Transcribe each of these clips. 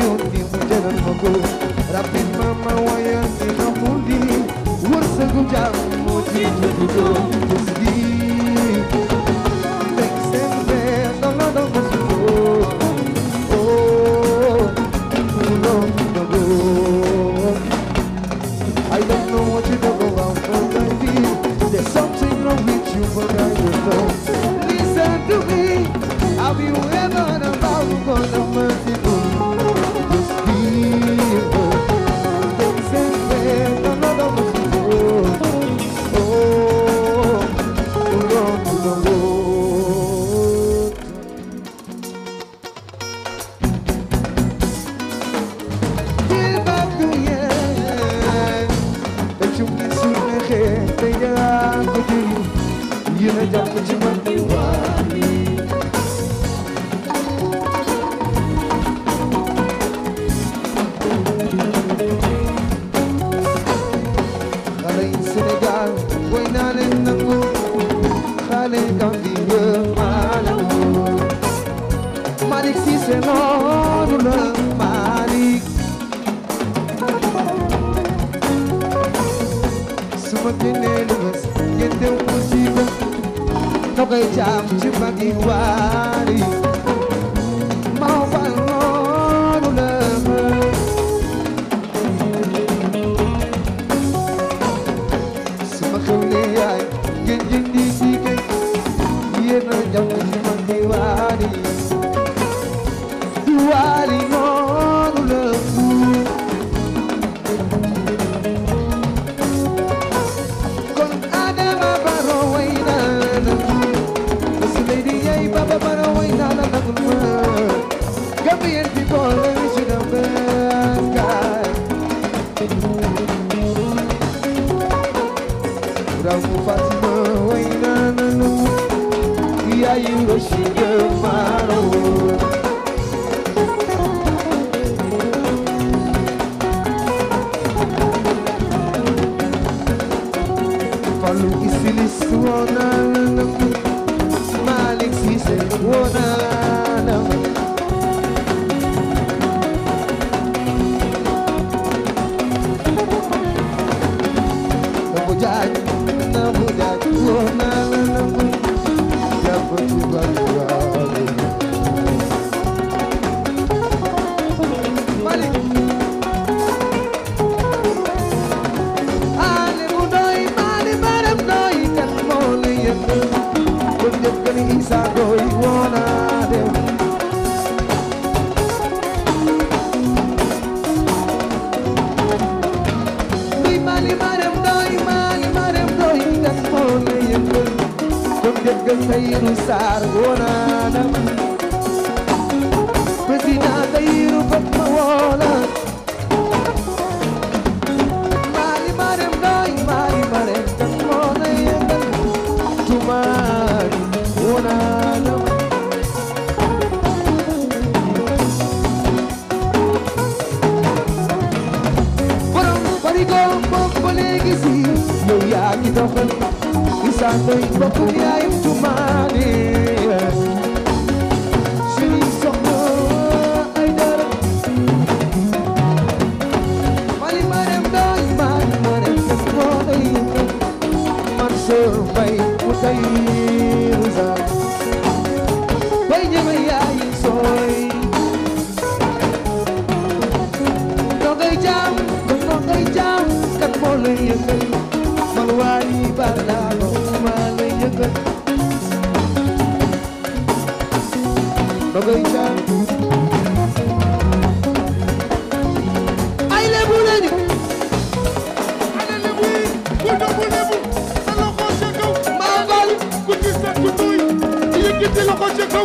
yónni mu jëlal ma ko rabbi mama wayal di xamul di wërsëgu jaam moo ci jënd xale yi Sénégal woy naa leen nangu xale Gambie yëpp maa nangu Malick Cissé noonu la Malick su ma génnee lu bës ngeen teew musiba nogay jaam ci bagi waari saiu hoje de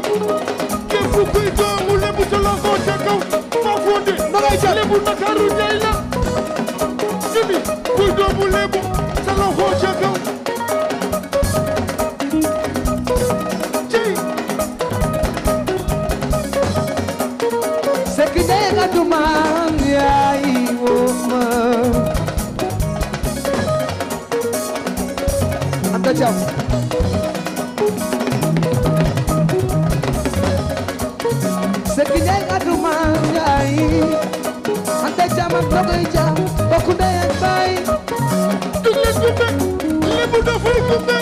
kaw képp kuy doomu lebu sa loxo ca kaw maa fonde lebu Ndakaaru ñay la simi kuy doomu lebu sa kaw cey sekk dee nga dumaan yaay wooma anta Zeki Njaay aduma njaay ante jama dogoy ja bokku ndey ak baay duñ leen gumbe lébu dafay gumbe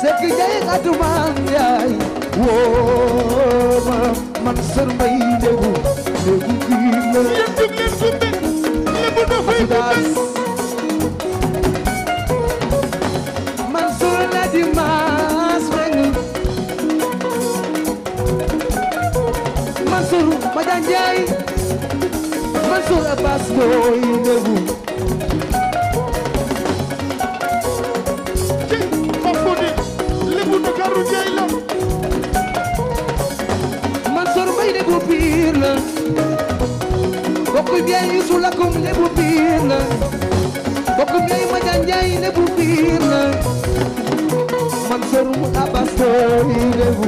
Zeki Njaay aduma njaay woo ma man sër mbay lébu lébu gumbe lébu dafay gumbe Njaay Mansour Abbas booy dëggu ci bokku di lébu Ndakaaru Njaay la Mansour Mbay piir la bokku bien Yuusu Lakum lébu piir la bokku bien Maja Njaay lébu piir la Mansour Abbas booy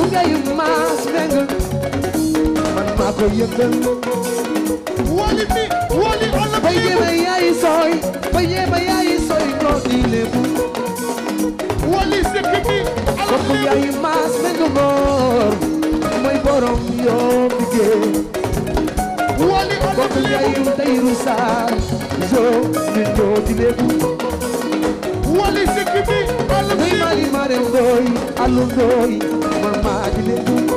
bu gayu maas mengu man maa ko yëngal wali mi wali ala bay yema yaay sooy bay yema yaay sooy ko di lebu wali sekki ala bu gayu maas mengu moor mooy borom yoo liggéey wali ala bu gayu tayru saar yoo mi ñoo di lebu wali sekki ala bu gayu maas mengu moor mooy borom yoo liggéey Vai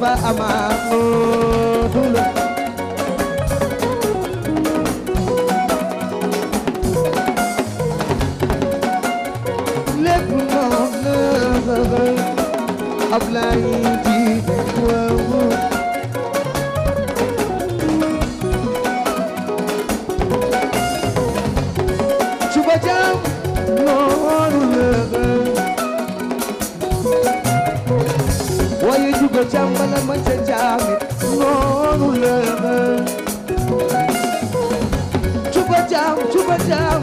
ba ama dula lépp moom la Ablaye mi noonu la mel cuba jaam cuba jaam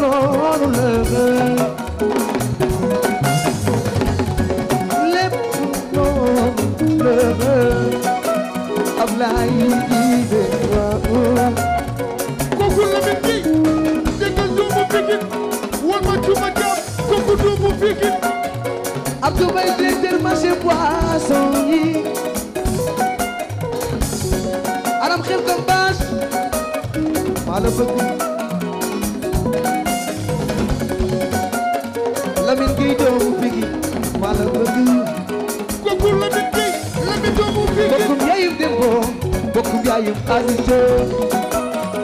noonu la mel lépp noonu la mel Ablaay Jibe waaw kooku la mi ji jëkkal doomu Pikine woon ma cuba jaam kooku doomu Pikine ab jubay directeur marché poisson yi Orange maa la bëgg Lamine Gueye doomu Figi maa la bëgg kooku Lamine Gueye Lamine doomu Figi bokkum yaayum Dembo bokkum yaayum Alice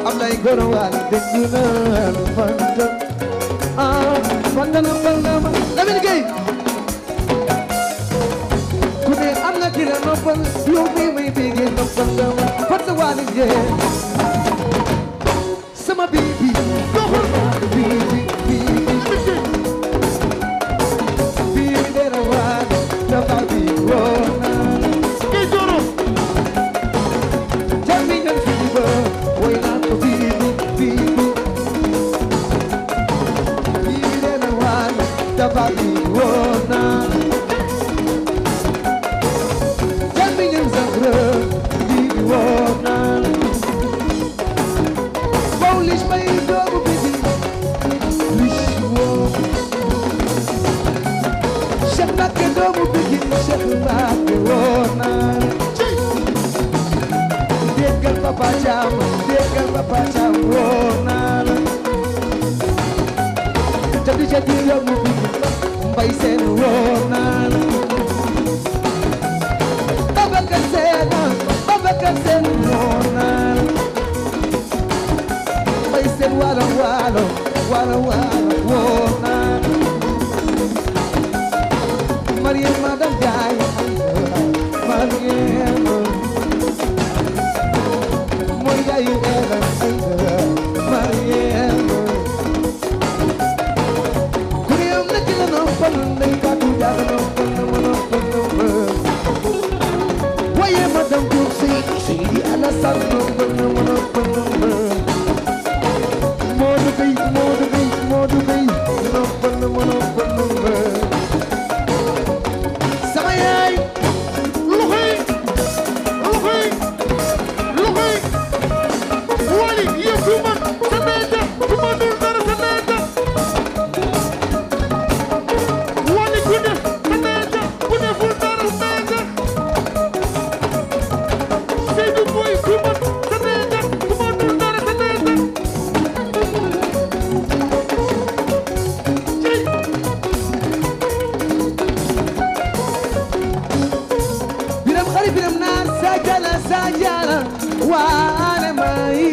am lay goro waal dégg na fan ah fan na Lamine Gueye di la noppal yow mii may béggee noppal la ma fàttaliwaale ngeen sama bibi Mbàkke doomu Pikine Cheikh Mbàkke wóor na déggal Papa Thiam déggal Papa Thiam wóor na la jadi jadi doomu Pikine Mbay Seen wóor na la Babacar Seen Babacar Seen wóor na la Mbay Seen waalo waalo waalo waalo wóor na sajjala waane may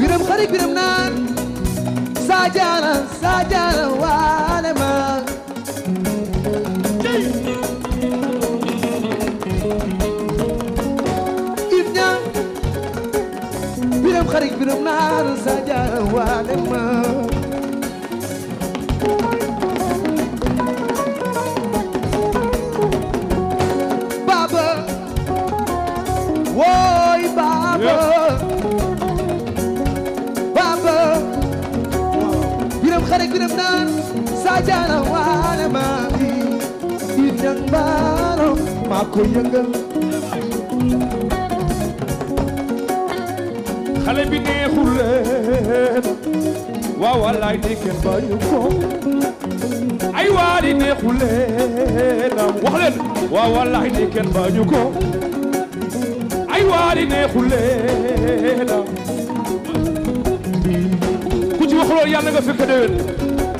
biram xarit biram naan sajjala sajjala waane may if ñaan biram xarit biram naan sajjala waane may nan sajana waale maami diit ñang baaro kenn bañu ci wax loolu yàlla nga fekk déwén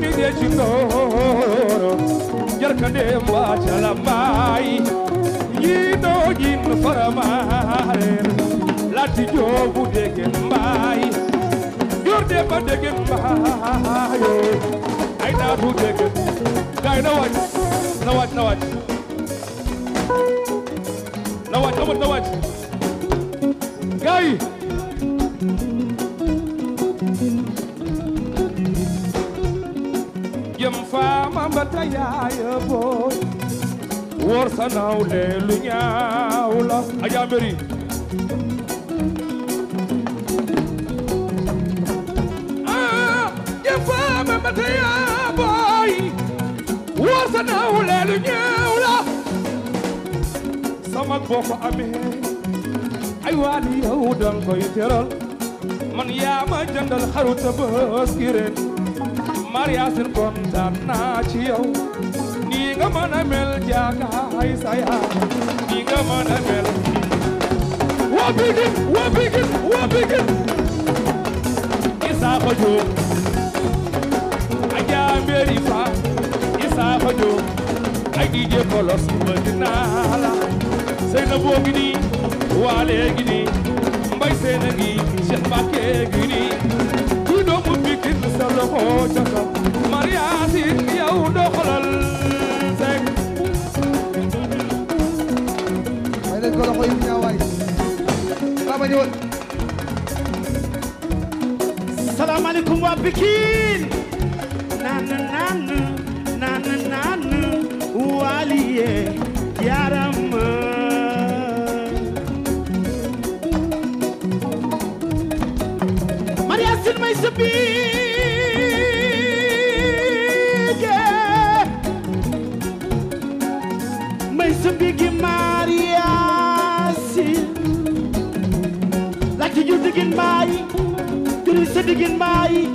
mi de ci tooro jarkande ma cala may yiino ñin faramaaren lati joobu degen mbay jorde ba degen mbayo ay naatu degen gaay na wàcc na wàcc na wàcc na wàcc amut na wàcc gaay samba ta sa nawle lu ñaaw la aja mbéri ah jëfaama ma ta yaaya ah, booy sa nawle lu ñaaw ay waani yow koy teral man yaa ma jëndal xaru Tabaski Mariasin kontaan naa ci yow ni nga mën a mel jaagaay sa yaa ni nga mën a mel waa Pikine waa Pikine waa Pikine Isaaxa Jóob ajaa mbéri fa Isaaxa Jóob ay DJ Kolos ma dinaa la sey na boo ngi nii waale ngi nii mbay seen a ngi Cheikh Mbacke ngi nii sa loxo ca kaw Mariasin yow doxalal sek may leen ko loxo yi ñaawaay lama ñëwal salaamaaleykum waa Pikine naan naan naan naan waaliye yaram be juju digin bayi Guri sedigin bayi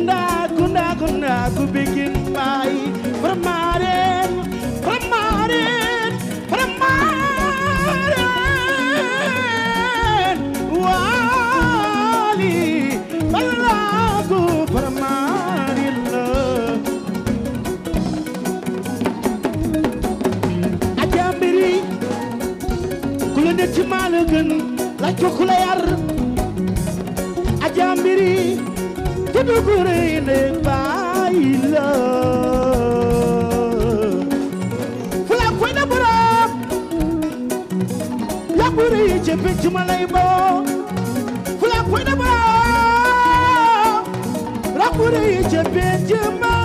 Ndaku ndaku ndaku bikin bayi Permarin Permarin Permarin Wali Balaku permarin Ajambiri Kulunde cimalugan La cokula yar dugure ne bayi la fula koy na bara yakure ye jepe jumala ibo fula koy na bara yakure ye jepe jumala